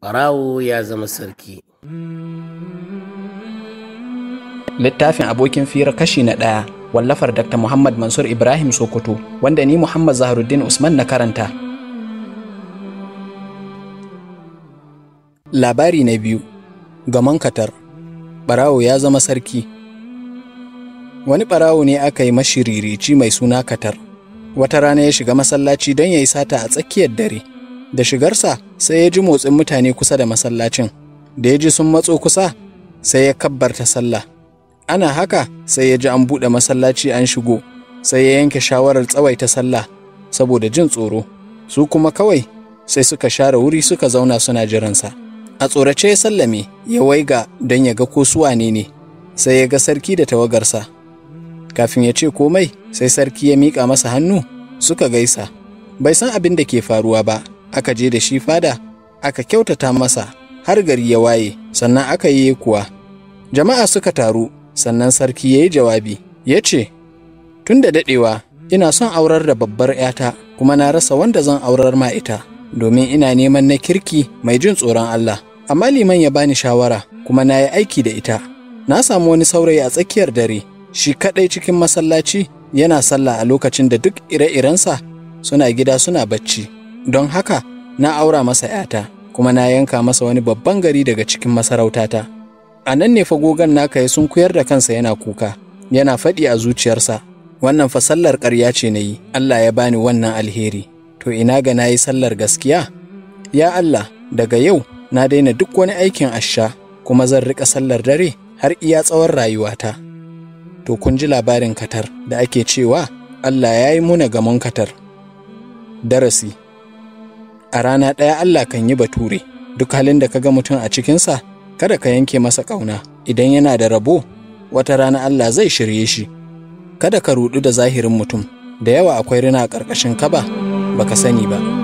ɓarawo ya zama sarki. Littafin abokin fira kashi na ɗaya wallafar Dr. Muhammad Mansur Ibrahim Sokoto wanda ni Muhammad Zaharuddin Usman na karanta. Labari na biyu Gaman Katar Ɓarawo ya zama sarki. Wani ɓarawo ne aka yi mashiririci mai suna Katar. Wata rana ya shiga masallaci don ya yi sata a tsakiyar dare. Da shigarsa sai ya ji motsin mutane kusa da masallacin da ya ji sun matso kusa sai ya kabbarta sallah ana haka sai ya ji an buɗe masallaci an shigo sai ya yanke shawarar tsawaita sallah saboda jin tsoro su kuma kawai sai suka share wuri suka zauna suna jiransa a tsorace ya sallame ya waiga don ya ga ko su wane ne sai ya ga sarki da tawagarsa kafin ya ce komai sai sarki ya mika masa hannu suka gaisa bai san abin da ke faruwa ba aka je da shi fada aka kyautata masa har gari ya waye sannan aka yi kuwa jama'a suka taru sannan sarki ya yi jawabi ya ce tun da daɗewa ina son aurar da babbar 'yata kuma na rasa wanda zan aurar ma ita domin ina neman na kirki mai jin tsoron Allah amma liman ya bani shawara kuma na yi aiki da ita na samu wani saurayi a tsakiyar dare shi kaɗai cikin masallaci yana sallah a lokacin da duk ire-irensa suna gida suna bacci don haka na aura masa ‘yata kuma na yanka masa wani babban gari daga cikin masarautata. A nan ne fagogon naka ya sun kuyar da kansa yana kuka, yana faɗi a zuciyarsa, wannan fa sallar ƙarya ce na yi, Allah ya bani wannan alheri, to ina ga na yi sallar gaskiya? Ya Allah, daga yau na daina duk wani aikin asha kuma zan riƙa sallar dare har iya tsawon rayuwata. To kun ji labarin Katar da ake cewa Allah ya yi muna gamon Katar. Darasi a rana ɗaya Allah kan yi bature duk halin da ka ga mutum a cikinsa kada ka yanke masa ƙauna idan yana da rabo wata rana Allah zai shirye shi kada ka ruɗu da zahirin mutum da yawa akwai rina a ƙarƙashin kaba baka sani ba.